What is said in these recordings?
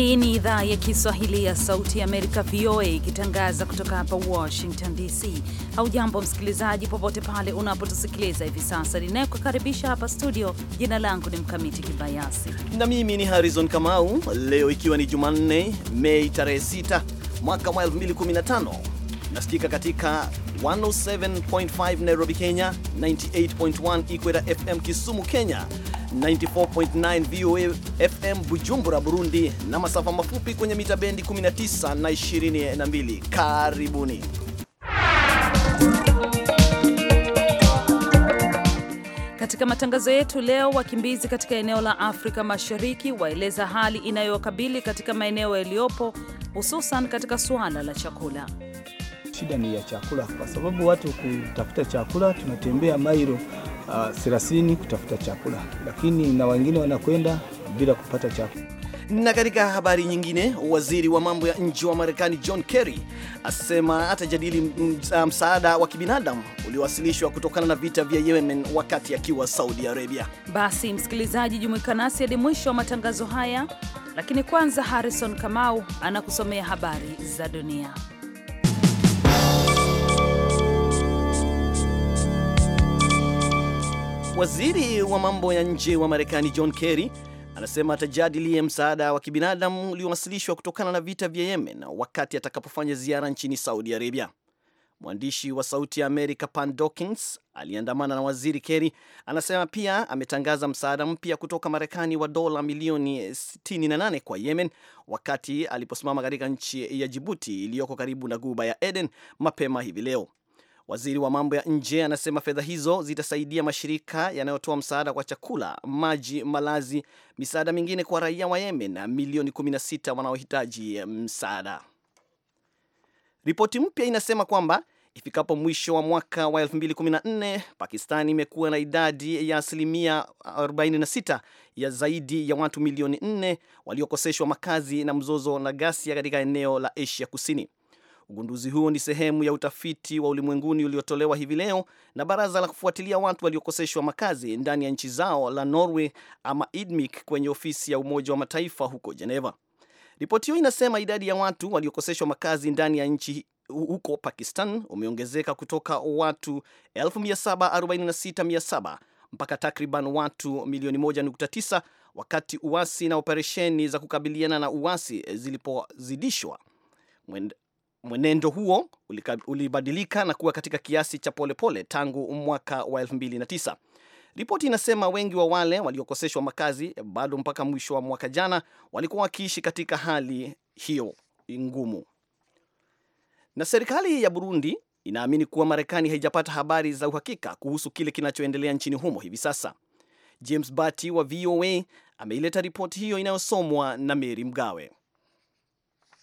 Hii ni idhaa ya Kiswahili ya Sauti ya Amerika, VOA, ikitangaza kutoka hapa Washington DC. Haujambo msikilizaji, popote pale unapotusikiliza hivi sasa. Ninayekukaribisha hapa studio, jina langu ni Mkamiti Kibayasi na mimi ni Harrison Kamau. Leo ikiwa ni Jumanne, Mei tarehe 6 mwaka wa 2015, nasikika katika 107.5 Nairobi, Kenya, 98.1 Ikweta FM Kisumu, Kenya, 94.9 VOA FM Bujumbura, Burundi na masafa mafupi kwenye mita bendi 19 na 22. Karibuni. Katika matangazo yetu leo, wakimbizi katika eneo la Afrika Mashariki waeleza hali inayowakabili katika maeneo yaliyopo hususan katika suala la chakula. Shida ni ya chakula, kwa sababu watu kutafuta chakula tunatembea mairo Uh, thelathini kutafuta chakula, lakini na wengine wanakwenda bila kupata chakula. Na katika habari nyingine, waziri wa mambo ya nje wa Marekani John Kerry asema atajadili msaada wa kibinadamu uliowasilishwa kutokana na vita vya Yemen wakati akiwa Saudi Arabia. Basi msikilizaji, jumuika nasi hadi mwisho wa matangazo haya, lakini kwanza Harrison Kamau anakusomea habari za dunia. Waziri wa mambo ya nje wa Marekani John Kerry anasema atajadilia msaada wa kibinadamu uliowasilishwa kutokana na vita vya Yemen wakati atakapofanya ziara nchini Saudi Arabia. Mwandishi wa Sauti ya Amerika Pan Dawkins aliyeandamana na waziri Kerry anasema pia ametangaza msaada mpya kutoka Marekani wa dola milioni 68 kwa Yemen wakati aliposimama katika nchi ya Jibuti iliyoko karibu na guba ya Eden mapema hivi leo. Waziri wa mambo ya nje anasema fedha hizo zitasaidia mashirika yanayotoa msaada kwa chakula, maji, malazi, misaada mingine kwa raia wa Yemen na milioni 16 wanaohitaji msaada. Ripoti mpya inasema kwamba ifikapo mwisho wa mwaka wa 2014 Pakistan imekuwa na idadi ya asilimia 46 ya zaidi ya watu milioni 4 waliokoseshwa makazi na mzozo na ghasia katika eneo la Asia Kusini. Ugunduzi huo ni sehemu ya utafiti wa ulimwenguni uliotolewa hivi leo na baraza la kufuatilia watu waliokoseshwa makazi ndani ya nchi zao la Norway ama IDMIC kwenye ofisi ya Umoja wa Mataifa huko Geneva. Ripoti hiyo inasema idadi ya watu waliokoseshwa makazi ndani ya nchi huko Pakistan umeongezeka kutoka watu 7467 mpaka takriban watu milioni 1.9 wakati uasi na operesheni za kukabiliana na uasi zilipozidishwa Mwenendo huo ulibadilika na kuwa katika kiasi cha polepole tangu mwaka wa 2009. Ripoti inasema wengi wa wale waliokoseshwa makazi eh, bado mpaka mwisho wa mwaka jana walikuwa wakiishi katika hali hiyo ngumu. Na serikali ya Burundi inaamini kuwa Marekani haijapata habari za uhakika kuhusu kile kinachoendelea nchini humo hivi sasa. James Bati wa VOA ameileta ripoti hiyo inayosomwa na Meri Mgawe.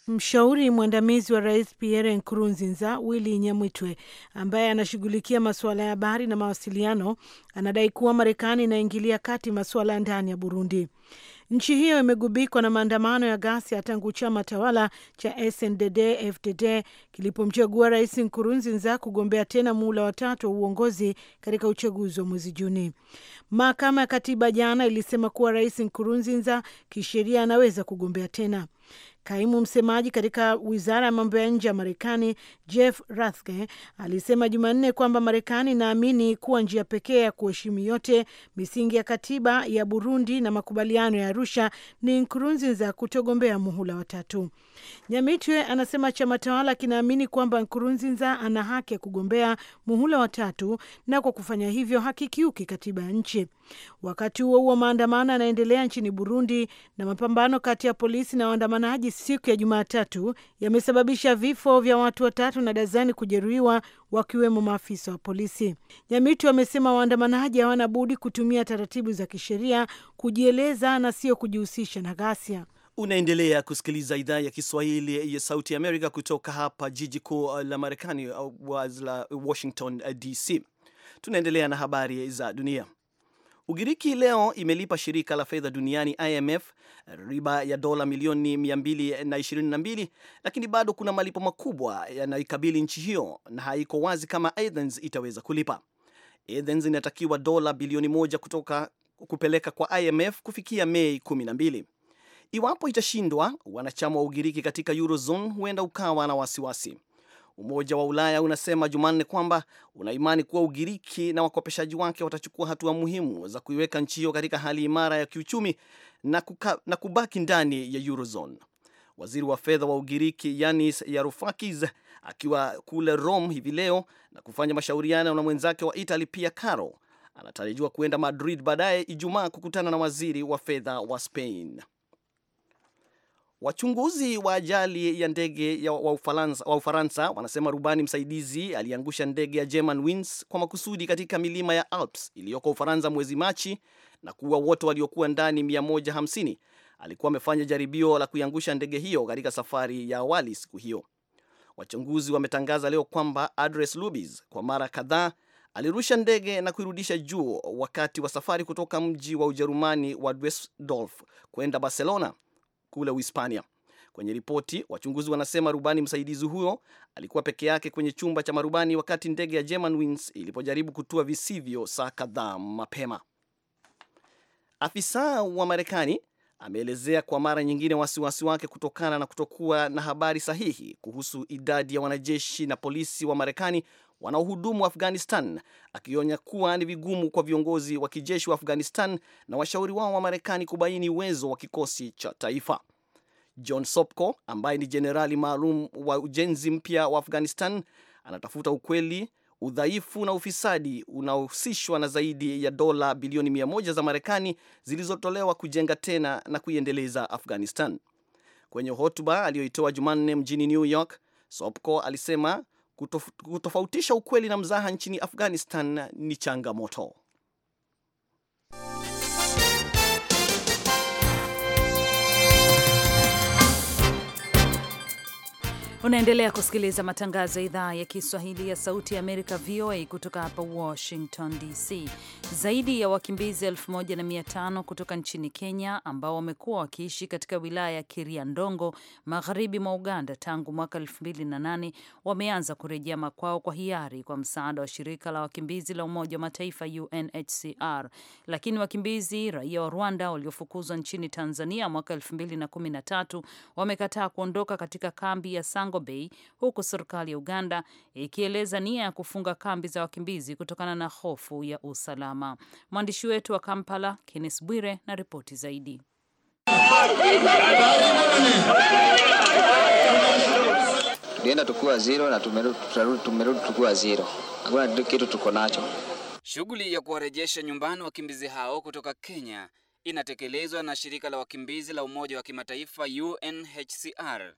Mshauri mwandamizi wa rais Pierre Nkurunziza, Willy Nyamwitwe, ambaye anashughulikia masuala ya habari na mawasiliano, anadai kuwa Marekani inaingilia kati masuala ya ndani ya Burundi. Nchi hiyo imegubikwa na maandamano ya ghasia tangu chama tawala cha SNDD FDD kilipomchagua rais Nkurunziza kugombea tena muhula watatu wa uongozi katika uchaguzi wa mwezi Juni. Mahakama ya Katiba jana ilisema kuwa rais Nkurunziza kisheria anaweza kugombea tena. Kaimu msemaji katika wizara ya mambo ya nje ya Marekani, Jeff Rathke, alisema Jumanne kwamba Marekani inaamini kuwa njia pekee ya kuheshimu yote misingi ya katiba ya Burundi na makubaliano ya Arusha ni Nkurunziza kutogombea muhula watatu. Nyamitwe anasema chama tawala kinaamini kwamba Nkurunziza ana haki ya kugombea muhula watatu na kwa kufanya hivyo hakikiuki katiba ya nchi. Wakati huo huo, maandamano yanaendelea nchini Burundi na mapambano kati ya polisi na waandamanaji siku ya Jumatatu yamesababisha vifo vya watu watatu na dazani kujeruhiwa wakiwemo maafisa wa polisi. nyamitu wamesema waandamanaji hawana budi kutumia taratibu za kisheria kujieleza na sio kujihusisha na ghasia. Unaendelea kusikiliza idhaa ya Kiswahili ya Sauti Amerika kutoka hapa jiji kuu la Marekani, Washington DC. Tunaendelea na habari za dunia. Ugiriki leo imelipa shirika la fedha duniani IMF riba ya dola milioni 222, lakini bado kuna malipo makubwa yanayoikabili nchi hiyo na haiko wazi kama Athens itaweza kulipa. Athens inatakiwa dola bilioni moja kutoka kupeleka kwa IMF kufikia Mei 12. Iwapo itashindwa, wanachama wa Ugiriki katika Eurozone huenda ukawa na wasiwasi. Umoja wa Ulaya unasema Jumanne kwamba unaimani kuwa Ugiriki na wakopeshaji wake watachukua hatua wa muhimu za kuiweka nchi hiyo katika hali imara ya kiuchumi na, kuka, na kubaki ndani ya Eurozone. Waziri wa fedha wa Ugiriki Yanis Yarufakis akiwa kule Rome hivi leo na kufanya mashauriano na mwenzake wa Itali Pia Caro anatarajiwa kuenda Madrid baadaye Ijumaa kukutana na waziri wa fedha wa Spain. Wachunguzi wa ajali ya ndege wa Ufaransa, wa Ufaransa wanasema rubani msaidizi aliangusha ndege ya german wins kwa makusudi katika milima ya Alps iliyoko Ufaransa mwezi Machi na kuua wote waliokuwa ndani 150. Alikuwa amefanya jaribio la kuiangusha ndege hiyo katika safari ya awali siku hiyo. Wachunguzi wametangaza leo kwamba Andres lubis kwa mara kadhaa alirusha ndege na kuirudisha juu wakati wa safari kutoka mji wa Ujerumani wa Dusseldorf kwenda Barcelona kule Uhispania. Kwenye ripoti, wachunguzi wanasema rubani msaidizi huyo alikuwa peke yake kwenye chumba cha marubani wakati ndege ya Germanwings ilipojaribu kutua visivyo saa kadhaa mapema. Afisa wa Marekani ameelezea kwa mara nyingine wasiwasi wake kutokana na kutokuwa na habari sahihi kuhusu idadi ya wanajeshi na polisi wa Marekani wanaohudumu Afghanistan, akionya kuwa ni vigumu kwa viongozi wa kijeshi wa Afghanistan na washauri wao wa Marekani kubaini uwezo wa kikosi cha taifa. John Sopko ambaye ni jenerali maalum wa ujenzi mpya wa Afghanistan anatafuta ukweli, udhaifu na ufisadi unaohusishwa na zaidi ya dola bilioni mia moja za Marekani zilizotolewa kujenga tena na kuiendeleza Afghanistan. Kwenye hotuba aliyoitoa Jumanne mjini New York, Sopko alisema Kutof, kutofautisha ukweli na mzaha nchini Afghanistan ni changamoto. Unaendelea kusikiliza matangazo ya idhaa ya Kiswahili ya Sauti ya Amerika, VOA, kutoka hapa Washington DC. Zaidi ya wakimbizi 1500 kutoka nchini Kenya ambao wamekuwa wakiishi katika wilaya ya Kiriandongo, magharibi mwa Uganda, tangu mwaka 2008 wameanza kurejea makwao kwa hiari kwa msaada wa shirika la wakimbizi la Umoja wa Mataifa, UNHCR. Lakini wakimbizi raia wa Rwanda waliofukuzwa nchini Tanzania mwaka 2013 wamekataa kuondoka katika kambi ya Sang Mlango Bay, huku serikali ya Uganda ikieleza nia ya kufunga kambi za wakimbizi kutokana na hofu ya usalama. Mwandishi wetu wa Kampala, Kenneth Bwire, na ripoti zaidi. Tulienda tukua zero na tumerudi, tumerudi tukua zero. Hakuna kitu tuko nacho. Shughuli ya kuwarejesha nyumbani wakimbizi hao kutoka Kenya inatekelezwa na shirika la wakimbizi la Umoja wa Kimataifa UNHCR.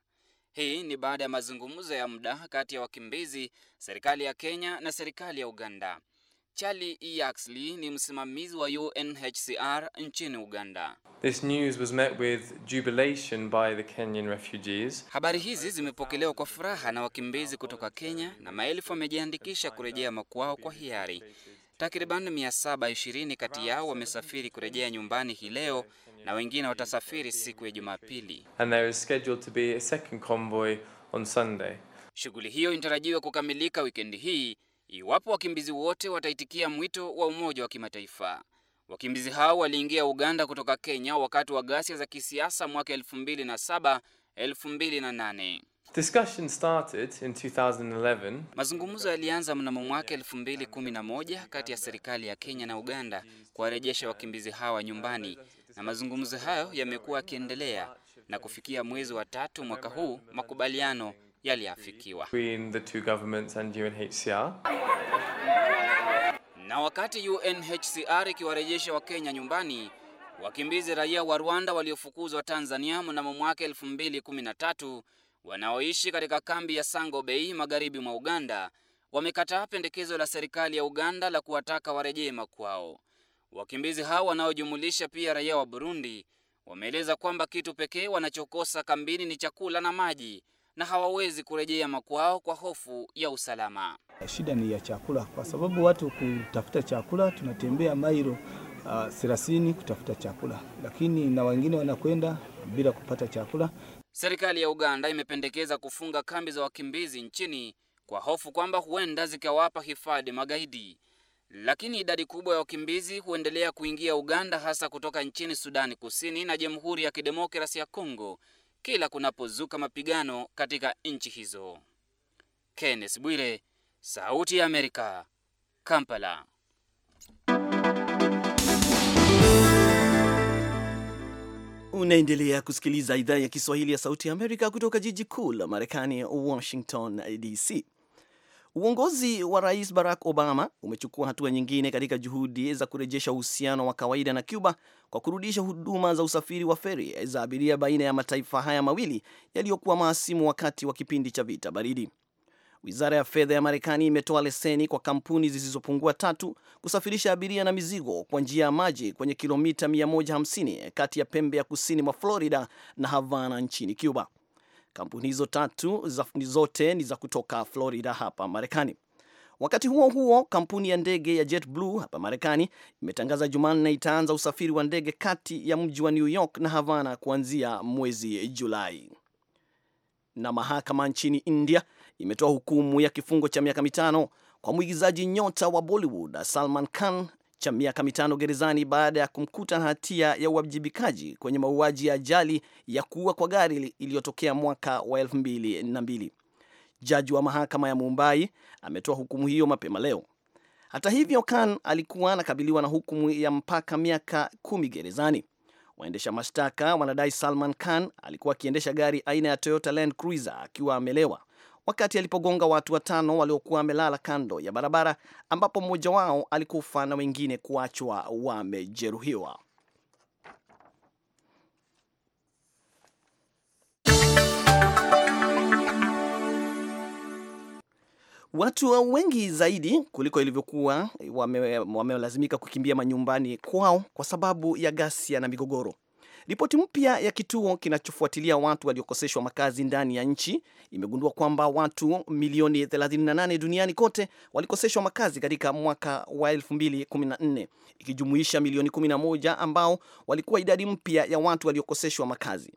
Hii ni baada ya mazungumzo ya muda kati ya wakimbizi, serikali ya Kenya na serikali ya Uganda. Charlie Yaxley e. ni msimamizi wa UNHCR nchini Uganda. This news was met with jubilation by the Kenyan refugees. Habari hizi zimepokelewa kwa furaha na wakimbizi kutoka Kenya na maelfu wamejiandikisha kurejea makwao kwa hiari. Takriban 720 kati yao wamesafiri kurejea nyumbani hii leo na wengine watasafiri siku ya Jumapili. And there is scheduled to be a second convoy on Sunday. Shughuli hiyo inatarajiwa kukamilika wikendi hii iwapo wakimbizi wote wataitikia mwito wa Umoja wa Kimataifa. Wakimbizi hao waliingia Uganda kutoka Kenya wakati wa ghasia za kisiasa mwaka 2007, 2008. Discussion started in 2011. Mazungumzo yalianza mnamo mwaka 2011 kati ya serikali ya Kenya na Uganda kuwarejesha wakimbizi hawa nyumbani, na mazungumzo hayo yamekuwa yakiendelea na kufikia mwezi wa tatu mwaka huu makubaliano yaliafikiwa na wakati UNHCR ikiwarejesha Wakenya nyumbani, wakimbizi raia wa Rwanda waliofukuzwa Tanzania mnamo mwaka 2013 wanaoishi katika kambi ya Sango Bei magharibi mwa Uganda wamekataa pendekezo la serikali ya Uganda la kuwataka warejee makwao. Wakimbizi hao wanaojumulisha pia raia wa Burundi wameeleza kwamba kitu pekee wanachokosa kambini ni chakula na maji na hawawezi kurejea makwao kwa hofu ya usalama. Shida ni ya chakula, kwa sababu watu kutafuta chakula tunatembea mailo ah, thelathini uh, kutafuta chakula, lakini na wengine wanakwenda bila kupata chakula. Serikali ya Uganda imependekeza kufunga kambi za wakimbizi nchini kwa hofu kwamba huenda zikawapa hifadhi magaidi. Lakini idadi kubwa ya wakimbizi huendelea kuingia Uganda hasa kutoka nchini Sudani Kusini na Jamhuri ya Kidemokrasi ya Kongo kila kunapozuka mapigano katika nchi hizo. Kenneth Bwire, Sauti ya Amerika, Kampala. Unaendelea kusikiliza idhaa ya Kiswahili ya Sauti ya Amerika kutoka jiji kuu la Marekani, Washington DC. Uongozi wa Rais Barack Obama umechukua hatua nyingine katika juhudi za kurejesha uhusiano wa kawaida na Cuba kwa kurudisha huduma za usafiri wa feri za abiria baina ya mataifa haya mawili yaliyokuwa mahasimu wakati wa kipindi cha vita baridi. Wizara ya fedha ya Marekani imetoa leseni kwa kampuni zisizopungua tatu kusafirisha abiria na mizigo kwa njia ya maji kwenye kilomita 150 kati ya pembe ya kusini mwa Florida na Havana nchini Cuba. Kampuni hizo tatu zote ni za kutoka Florida hapa Marekani. Wakati huo huo, kampuni ya ndege ya JetBlue hapa Marekani imetangaza Jumanne itaanza usafiri wa ndege kati ya mji wa New York na Havana kuanzia mwezi Julai. Na mahakama nchini India imetoa hukumu ya kifungo cha miaka mitano kwa mwigizaji nyota wa Bollywood Salman Khan cha miaka mitano gerezani baada ya kumkuta na hatia ya uwajibikaji kwenye mauaji ya ajali ya kuua kwa gari iliyotokea mwaka wa mbili. Jaji wa mahakama ya Mumbai ametoa hukumu hiyo mapema leo. Hata hivyo, Khan alikuwa anakabiliwa na hukumu ya mpaka miaka kumi gerezani. Waendesha mashtaka wanadai Salman Khan alikuwa akiendesha gari aina ya Toyota Land Cruiser akiwa amelewa wakati alipogonga watu watano waliokuwa wamelala kando ya barabara ambapo mmoja wao alikufa na wengine kuachwa wamejeruhiwa. Watu wengi zaidi kuliko ilivyokuwa wamelazimika wame kukimbia manyumbani kwao kwa sababu ya ghasia na migogoro. Ripoti mpya ya kituo kinachofuatilia watu waliokoseshwa makazi ndani ya nchi imegundua kwamba watu milioni 38 duniani kote walikoseshwa makazi katika mwaka wa 2014 ikijumuisha milioni 11 ambao walikuwa idadi mpya ya watu waliokoseshwa makazi.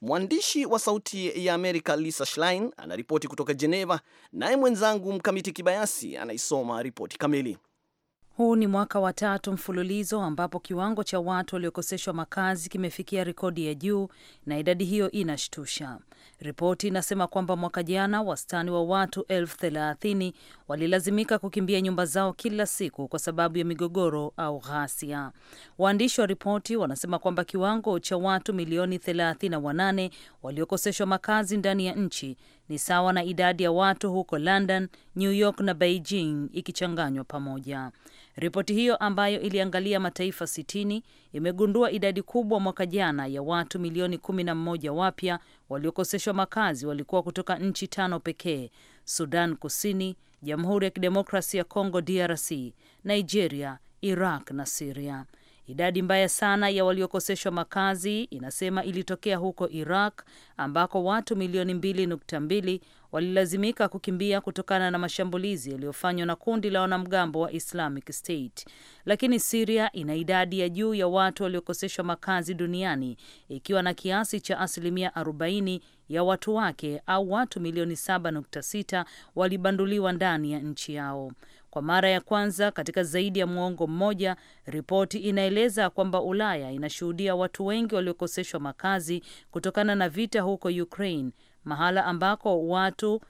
Mwandishi wa Sauti ya Amerika Lisa Schlein anaripoti kutoka Geneva, naye mwenzangu Mkamiti Kibayasi anaisoma ripoti kamili. Huu ni mwaka wa tatu mfululizo ambapo kiwango cha watu waliokoseshwa makazi kimefikia rekodi ya juu na idadi hiyo inashtusha. Ripoti inasema kwamba mwaka jana wastani wa watu elfu thelathini walilazimika kukimbia nyumba zao kila siku kwa sababu ya migogoro au ghasia. Waandishi wa ripoti wanasema kwamba kiwango cha watu milioni thelathini na wanane waliokoseshwa makazi ndani ya nchi ni sawa na idadi ya watu huko London, New York na Beijing ikichanganywa pamoja. Ripoti hiyo ambayo iliangalia mataifa 60 imegundua idadi kubwa mwaka jana ya watu milioni 11 wapya waliokoseshwa makazi walikuwa kutoka nchi tano pekee: Sudan Kusini, Jamhuri ya Kidemokrasi ya Kongo DRC, Nigeria, Iraq na Siria. Idadi mbaya sana ya waliokoseshwa makazi inasema ilitokea huko Iraq ambako watu milioni 22 walilazimika kukimbia kutokana na mashambulizi yaliyofanywa na kundi la wanamgambo wa Islamic State. Lakini Siria ina idadi ya juu ya watu waliokoseshwa makazi duniani ikiwa na kiasi cha asilimia 40 ya watu wake au watu milioni 7.6 walibanduliwa ndani ya nchi yao. Kwa mara ya kwanza katika zaidi ya mwongo mmoja, ripoti inaeleza kwamba Ulaya inashuhudia watu wengi waliokoseshwa makazi kutokana na vita huko Ukraine, mahala ambako watu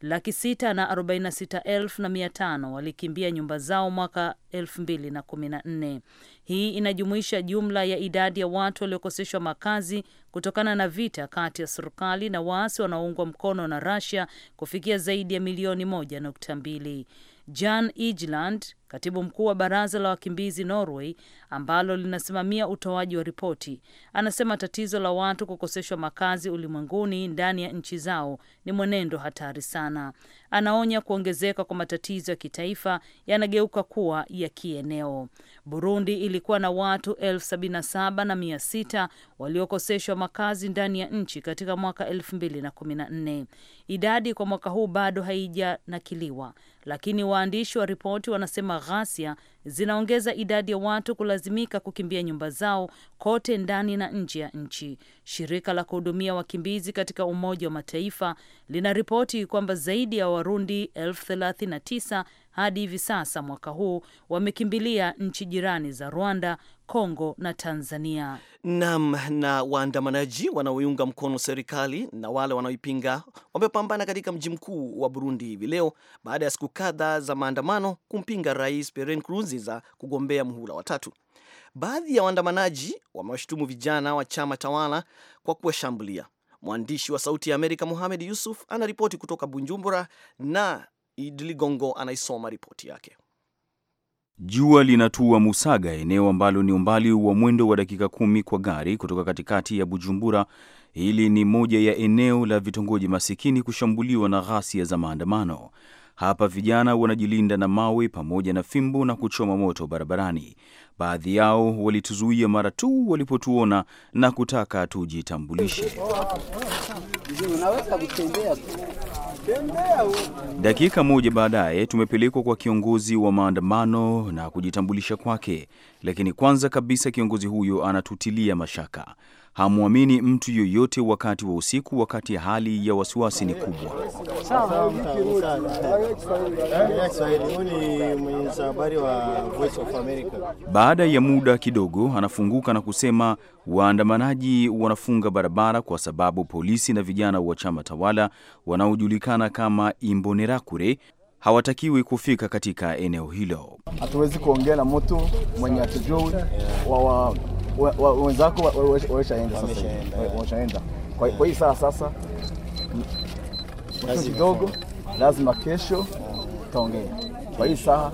laki sita na arobaini na sita elfu na mia tano walikimbia nyumba zao mwaka elfu mbili na kumi na nne. Hii inajumuisha jumla ya idadi ya watu waliokoseshwa makazi kutokana na vita kati ya serikali na waasi wanaoungwa mkono na Russia kufikia zaidi ya milioni moja nukta mbili. Jan Egeland, katibu mkuu wa baraza la wakimbizi Norway ambalo linasimamia utoaji wa ripoti, anasema tatizo la watu kukoseshwa makazi ulimwenguni ndani ya nchi zao ni mwenendo hatari sana. Anaonya kuongezeka kwa matatizo ya kitaifa yanageuka kuwa ya kieneo. Burundi ilikuwa na watu elfu sabini na saba na mia sita waliokoseshwa makazi ndani ya nchi katika mwaka elfu mbili na kumi na nne. Idadi kwa mwaka huu bado haijanakiliwa lakini waandishi wa ripoti wanasema ghasia zinaongeza idadi ya watu kulazimika kukimbia nyumba zao kote ndani na nje ya nchi. Shirika la kuhudumia wakimbizi katika Umoja wa Mataifa linaripoti kwamba zaidi ya Warundi elfu thelathini na tisa hadi hivi sasa mwaka huu wamekimbilia nchi jirani za Rwanda, Kongo na Tanzania. Naam, na waandamanaji wanaoiunga mkono serikali na wale wanaoipinga wamepambana katika mji mkuu wa Burundi hivi leo baada ya siku kadhaa za maandamano kumpinga Rais Pierre Nkurunziza kugombea muhula wa tatu. Baadhi ya waandamanaji wamewashutumu vijana wa chama tawala kwa kuwashambulia. Mwandishi wa Sauti ya Amerika muhamed Yusuf anaripoti kutoka Bujumbura na idligongo anaisoma ripoti yake. Jua linatua Musaga, eneo ambalo ni umbali wa mwendo wa dakika kumi kwa gari kutoka katikati ya Bujumbura. Hili ni moja ya eneo la vitongoji masikini kushambuliwa na ghasia za maandamano. Hapa vijana wanajilinda na mawe pamoja na fimbo na kuchoma moto barabarani. Baadhi yao walituzuia mara tu walipotuona na kutaka tujitambulishe. Dakika moja baadaye tumepelekwa kwa kiongozi wa maandamano na kujitambulisha kwake, lakini kwanza kabisa kiongozi huyo anatutilia mashaka hamwamini mtu yoyote wakati wa usiku, wakati hali ya wasiwasi ni kubwa. Baada ya muda kidogo, anafunguka na kusema waandamanaji wanafunga barabara kwa sababu polisi na vijana wa chama tawala wanaojulikana kama Imbonerakure hawatakiwi kufika katika eneo hilo. Hatuwezi kuongea na mtu mwenye hatujui wa wenzako washaenda. Kwa hiyo saa sasa kidogo, lazima kesho taongea. Kwa hii saa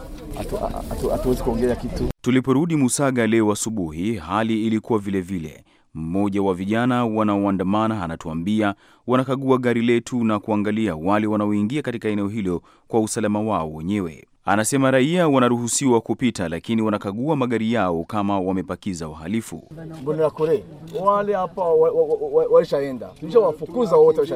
hatuwezi kuongea kitu. Tuliporudi Musaga leo asubuhi, hali ilikuwa vilevile vile. Mmoja wa vijana wanaoandamana anatuambia wanakagua gari letu na kuangalia wale wanaoingia katika eneo hilo kwa usalama wao wenyewe. Anasema raia wanaruhusiwa kupita, lakini wanakagua magari yao kama wamepakiza wahalifu. Wale hapa tulishawafukuza wote,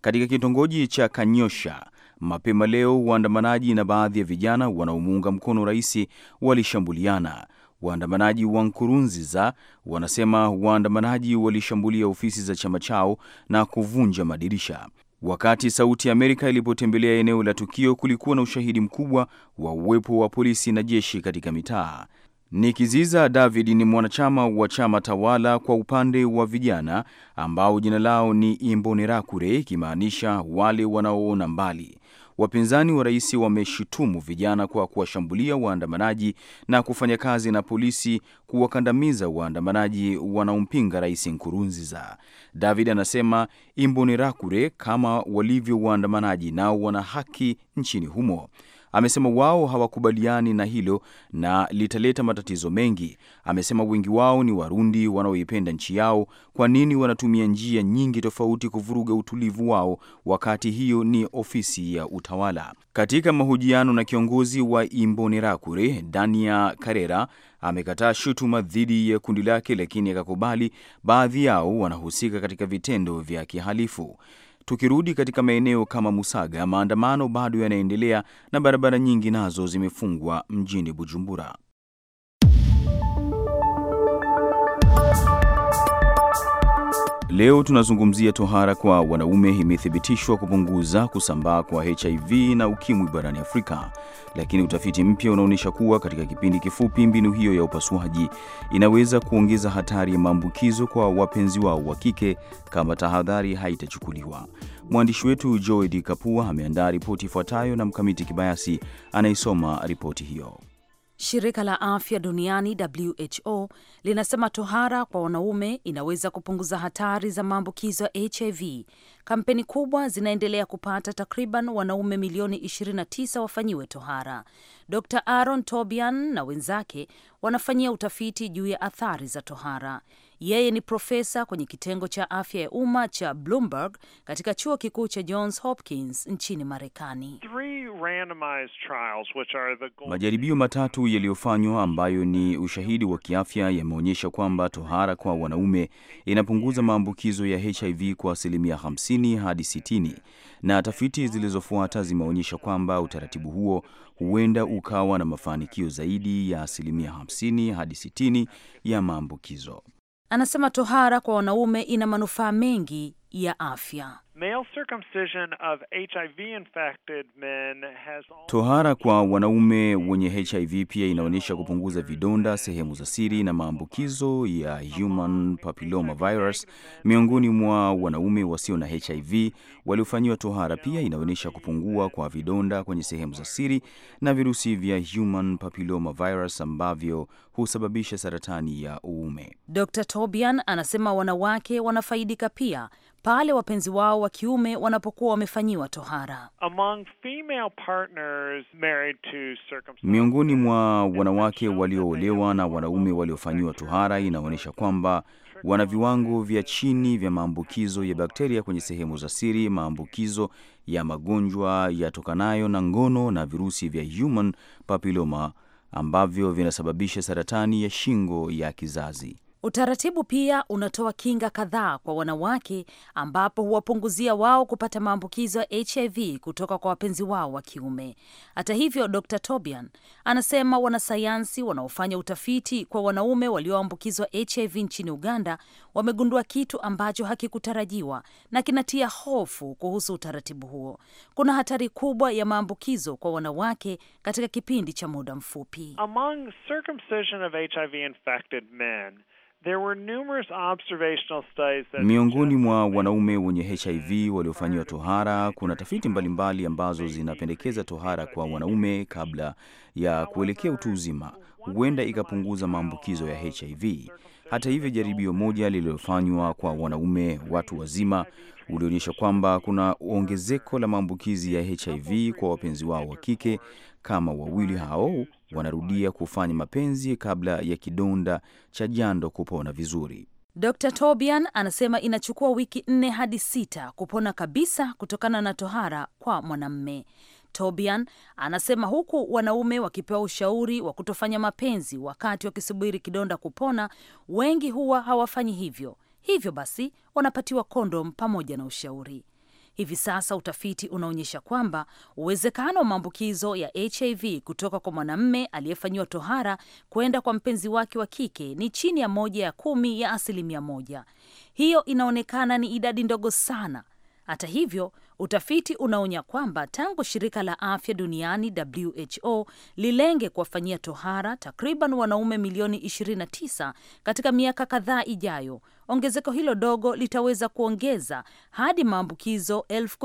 Katika kitongoji cha Kanyosha mapema leo, waandamanaji na baadhi ya vijana wanaomuunga mkono rais walishambuliana. Waandamanaji wa Nkurunziza wanasema waandamanaji walishambulia ofisi za chama chao na kuvunja madirisha. Wakati Sauti Amerika ilipotembelea eneo la tukio, kulikuwa na ushahidi mkubwa wa uwepo wa polisi na jeshi katika mitaa. Nikiziza David ni mwanachama wa chama tawala kwa upande wa vijana ambao jina lao ni Imbonerakure, ikimaanisha wale wanaoona mbali. Wapinzani wa rais wameshutumu vijana kwa kuwashambulia waandamanaji na kufanya kazi na polisi kuwakandamiza waandamanaji wanaompinga rais Nkurunziza. David anasema Imbonerakure kama walivyo waandamanaji nao wana haki nchini humo. Amesema wao hawakubaliani na hilo na litaleta matatizo mengi. Amesema wengi wao ni Warundi wanaoipenda nchi yao. Kwa nini wanatumia njia nyingi tofauti kuvuruga utulivu wao, wakati hiyo ni ofisi ya utawala? Katika mahojiano na kiongozi wa Imbonerakure, Dania Karera amekataa shutuma dhidi ya kundi lake, lakini akakubali baadhi yao wanahusika katika vitendo vya kihalifu. Tukirudi katika maeneo kama Musaga, maandamano bado yanaendelea na barabara nyingi nazo zimefungwa mjini Bujumbura. Leo tunazungumzia tohara kwa wanaume imethibitishwa kupunguza kusambaa kwa HIV na ukimwi barani Afrika, lakini utafiti mpya unaonyesha kuwa katika kipindi kifupi, mbinu hiyo ya upasuaji inaweza kuongeza hatari ya maambukizo kwa wapenzi wao wa kike kama tahadhari haitachukuliwa. Mwandishi wetu Joedi Kapua ameandaa ripoti ifuatayo na Mkamiti Kibayasi anayesoma ripoti hiyo. Shirika la afya duniani WHO linasema tohara kwa wanaume inaweza kupunguza hatari za maambukizo ya HIV. Kampeni kubwa zinaendelea kupata takriban wanaume milioni 29 wafanyiwe tohara. Dr Aaron Tobian na wenzake wanafanyia utafiti juu ya athari za tohara. Yeye ni profesa kwenye kitengo cha afya ya umma cha Bloomberg katika chuo kikuu cha Johns Hopkins nchini Marekani. Majaribio matatu yaliyofanywa ambayo ni ushahidi wa kiafya yameonyesha kwamba tohara kwa wanaume inapunguza maambukizo ya HIV kwa asilimia 50 hadi 60, na tafiti zilizofuata zimeonyesha kwamba utaratibu huo huenda ukawa na mafanikio zaidi ya asilimia 50 hadi 60 ya maambukizo. Anasema tohara kwa wanaume ina manufaa mengi ya afya. Tohara kwa wanaume wenye HIV pia inaonyesha kupunguza vidonda, sehemu za siri na maambukizo ya human papilloma virus miongoni mwa wanaume wasio na HIV waliofanyiwa tohara. Pia inaonyesha kupungua kwa vidonda kwenye sehemu za siri na virusi vya human papilloma virus ambavyo husababisha saratani ya uume. Dr. Tobian anasema wanawake wanafaidika pia pale wapenzi wao wa kiume wanapokuwa wamefanyiwa tohara. Miongoni mwa wanawake walioolewa na wanaume waliofanyiwa tohara inaonyesha kwamba wana viwango vya chini vya maambukizo ya bakteria kwenye sehemu za siri, maambukizo ya magonjwa yatokanayo na ngono na virusi vya human papiloma ambavyo vinasababisha saratani ya shingo ya kizazi. Utaratibu pia unatoa kinga kadhaa kwa wanawake, ambapo huwapunguzia wao kupata maambukizo ya HIV kutoka kwa wapenzi wao wa kiume. Hata hivyo, Dr Tobian anasema wanasayansi wanaofanya utafiti kwa wanaume walioambukizwa HIV nchini Uganda wamegundua kitu ambacho hakikutarajiwa na kinatia hofu kuhusu utaratibu huo. Kuna hatari kubwa ya maambukizo kwa wanawake katika kipindi cha muda mfupi. Among circumcision of HIV infected men Miongoni mwa wanaume wenye HIV waliofanyiwa tohara, kuna tafiti mbalimbali mbali ambazo zinapendekeza tohara kwa wanaume kabla ya kuelekea utu uzima huenda ikapunguza maambukizo ya HIV. Hata hivyo, jaribio moja lililofanywa kwa wanaume watu wazima ulionyesha kwamba kuna ongezeko la maambukizi ya HIV kwa wapenzi wao wa kike kama wawili hao wanarudia kufanya mapenzi kabla ya kidonda cha jando kupona vizuri. Dr Tobian anasema inachukua wiki nne hadi sita kupona kabisa kutokana na tohara kwa mwanamme. Tobian anasema huku wanaume wakipewa ushauri wa kutofanya mapenzi wakati wakisubiri kidonda kupona, wengi huwa hawafanyi hivyo. Hivyo basi wanapatiwa kondom pamoja na ushauri. Hivi sasa utafiti unaonyesha kwamba uwezekano wa maambukizo ya HIV kutoka kwa mwanamme aliyefanyiwa tohara kwenda kwa mpenzi wake wa kike ni chini ya moja ya kumi ya asilimia moja. Hiyo inaonekana ni idadi ndogo sana. Hata hivyo, Utafiti unaonya kwamba tangu shirika la afya duniani WHO lilenge kuwafanyia tohara takriban wanaume milioni 29 katika miaka kadhaa ijayo, ongezeko hilo dogo litaweza kuongeza hadi maambukizo elfu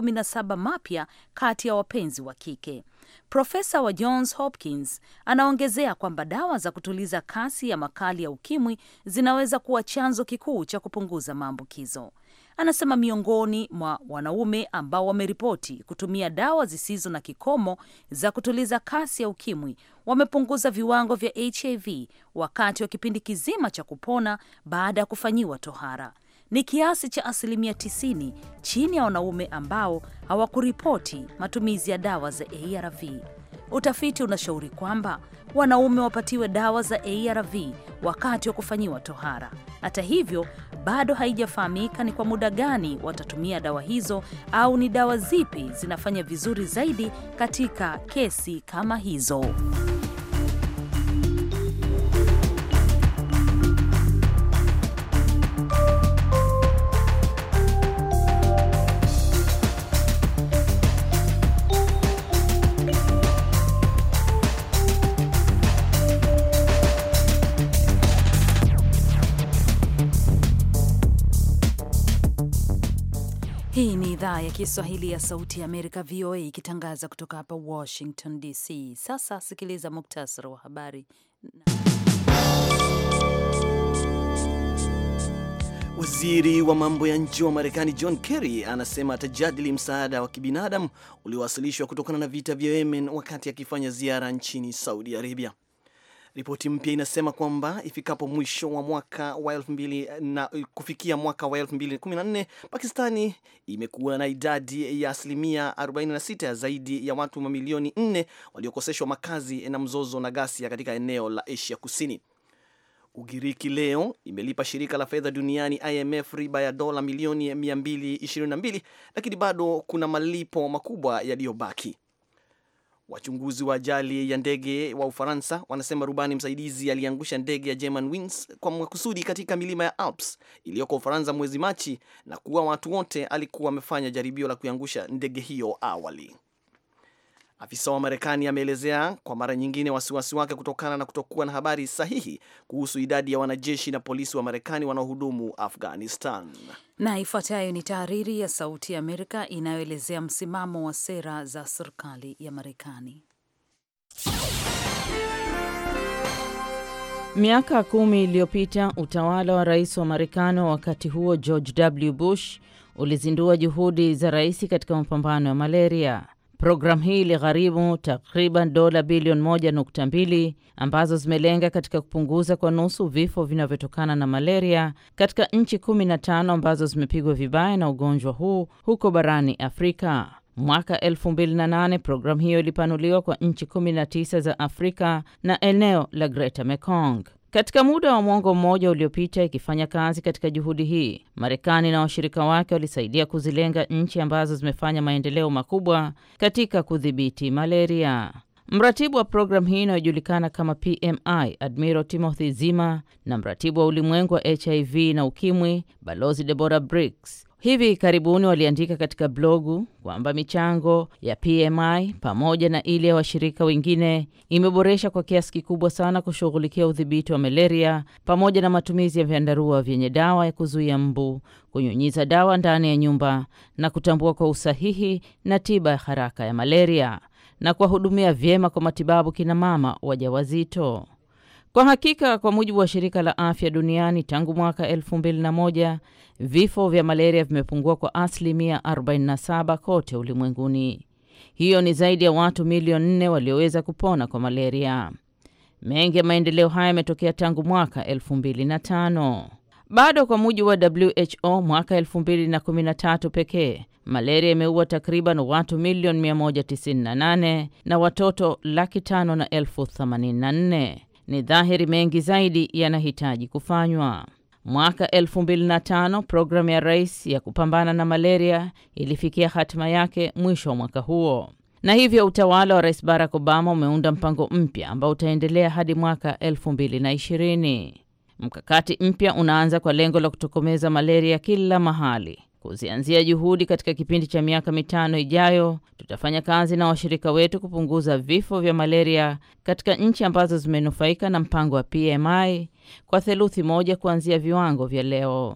mapya kati ya wapenzi wa kike. Profesa wa Johns Hopkins anaongezea kwamba dawa za kutuliza kasi ya makali ya ukimwi zinaweza kuwa chanzo kikuu cha kupunguza maambukizo. Anasema miongoni mwa wanaume ambao wameripoti kutumia dawa zisizo na kikomo za kutuliza kasi ya ukimwi wamepunguza viwango vya HIV wakati wa kipindi kizima cha kupona baada ya kufanyiwa tohara ni kiasi cha asilimia 90 chini ya wanaume ambao hawakuripoti matumizi ya dawa za ARV. Utafiti unashauri kwamba wanaume wapatiwe dawa za ARV wakati wa kufanyiwa tohara. Hata hivyo, bado haijafahamika ni kwa muda gani watatumia dawa hizo au ni dawa zipi zinafanya vizuri zaidi katika kesi kama hizo. Kiswahili ya Sauti ya Amerika, VOA, ikitangaza kutoka hapa Washington DC. Sasa sikiliza muktasari wa habari. Waziri wa mambo ya nje wa Marekani John Kerry anasema atajadili msaada wa kibinadamu uliowasilishwa kutokana na vita vya Yemen wakati akifanya ziara nchini Saudi Arabia. Ripoti mpya inasema kwamba ifikapo mwisho wa mwaka wa elfu mbili na kufikia mwaka wa nne Pakistani imekuwa na idadi ya asilimia 46 zaidi ya watu mamilioni 4 waliokoseshwa makazi na mzozo na ghasia katika eneo la Asia Kusini. Ugiriki leo imelipa shirika la fedha duniani IMF riba ya dola milioni 222, lakini bado kuna malipo makubwa yaliyobaki. Wachunguzi wa ajali ya ndege wa Ufaransa wanasema rubani msaidizi aliangusha ndege ya german wins kwa makusudi katika milima ya Alps iliyoko Ufaransa mwezi Machi na kuwa watu wote alikuwa amefanya jaribio la kuiangusha ndege hiyo awali. Afisa wa Marekani ameelezea kwa mara nyingine wasiwasi wake kutokana na kutokuwa na habari sahihi kuhusu idadi ya wanajeshi na polisi wa Marekani wanaohudumu Afghanistan. Na ifuatayo ni tahariri ya Sauti ya Amerika inayoelezea msimamo wa sera za serikali ya Marekani. Miaka kumi iliyopita utawala wa rais wa Marekani wa wakati huo George W. Bush ulizindua juhudi za rais katika mapambano ya malaria. Programu hii iligharimu takriban dola bilioni moja nukta mbili ambazo zimelenga katika kupunguza kwa nusu vifo vinavyotokana na malaria katika nchi kumi na tano ambazo zimepigwa vibaya na ugonjwa huu huko barani Afrika. Mwaka 2008 programu hiyo ilipanuliwa kwa nchi 19 za Afrika na eneo la Greater Mekong. Katika muda wa mwongo mmoja uliopita ikifanya kazi katika juhudi hii, Marekani na washirika wake walisaidia kuzilenga nchi ambazo zimefanya maendeleo makubwa katika kudhibiti malaria. Mratibu wa programu hii inayojulikana kama PMI Admiral Timothy Zima na mratibu wa ulimwengu wa HIV na ukimwi Balozi Deborah Briggs hivi karibuni waliandika katika blogu kwamba michango ya PMI pamoja na ile ya washirika wengine imeboresha kwa kiasi kikubwa sana kushughulikia udhibiti wa malaria pamoja na matumizi ya vyandarua vyenye dawa ya kuzuia mbu, kunyunyiza dawa ndani ya nyumba na kutambua kwa usahihi na tiba ya haraka ya malaria na kuwahudumia vyema kwa matibabu kina mama wajawazito. Kwa hakika, kwa mujibu wa shirika la afya duniani, tangu mwaka 2001 vifo vya malaria vimepungua kwa asilimia 47 kote ulimwenguni. Hiyo ni zaidi ya watu milioni 4 walioweza kupona kwa malaria. Mengi ya maendeleo haya yametokea tangu mwaka 2005. Bado kwa mujibu wa WHO, mwaka 2013 pekee malaria imeua takriban watu milioni 198 na watoto laki tano na elfu themanini na nne ni dhahiri mengi zaidi yanahitaji kufanywa. Mwaka 2005 programu ya rais ya kupambana na malaria ilifikia hatima yake mwisho wa mwaka huo, na hivyo utawala wa Rais Barack Obama umeunda mpango mpya ambao utaendelea hadi mwaka 2020. Mkakati mpya unaanza kwa lengo la kutokomeza malaria kila mahali. Kuzianzia juhudi katika kipindi cha miaka mitano ijayo, tutafanya kazi na washirika wetu kupunguza vifo vya malaria katika nchi ambazo zimenufaika na mpango wa PMI kwa theluthi moja kuanzia viwango vya leo.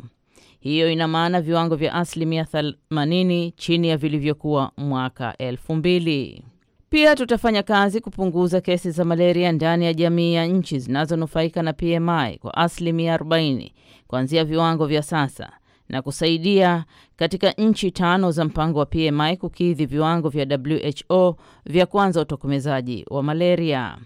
Hiyo ina maana viwango vya asilimia 80 chini ya vilivyokuwa mwaka elfu mbili. Pia tutafanya kazi kupunguza kesi za malaria ndani ya jamii ya nchi zinazonufaika na PMI kwa asilimia 40 kuanzia viwango vya sasa na kusaidia katika nchi tano za mpango wa PMI kukidhi viwango vya WHO vya kwanza utokomezaji wa malaria.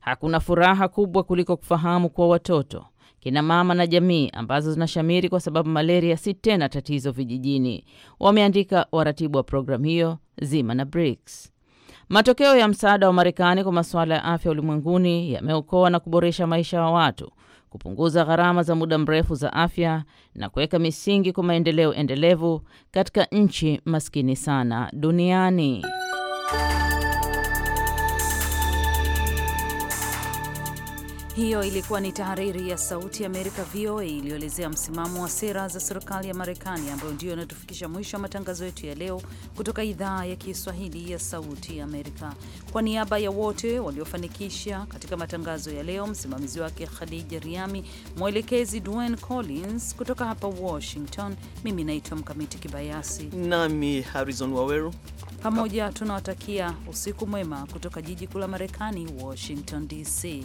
Hakuna furaha kubwa kuliko kufahamu kwa watoto, kina mama na jamii ambazo zinashamiri kwa sababu malaria si tena tatizo vijijini, wameandika waratibu wa programu hiyo Zima na BRICS. Matokeo ya msaada wa Marekani kwa masuala ya afya ulimwenguni yameokoa na kuboresha maisha ya wa watu kupunguza gharama za muda mrefu za afya na kuweka misingi kwa maendeleo endelevu katika nchi maskini sana duniani. Hiyo ilikuwa ni tahariri ya Sauti ya Amerika, VOA, iliyoelezea msimamo wa sera za serikali ya Marekani, ambayo ndiyo inatufikisha mwisho wa matangazo yetu ya leo kutoka idhaa ya Kiswahili ya Sauti ya Amerika. Kwa niaba ya wote waliofanikisha katika matangazo ya leo, msimamizi wake Khadija Riami, mwelekezi Dwayne Collins. Kutoka hapa Washington, mimi naitwa Mkamiti Kibayasi nami Harrison Waweru, pamoja tunawatakia usiku mwema kutoka jiji kuu la Marekani, Washington DC.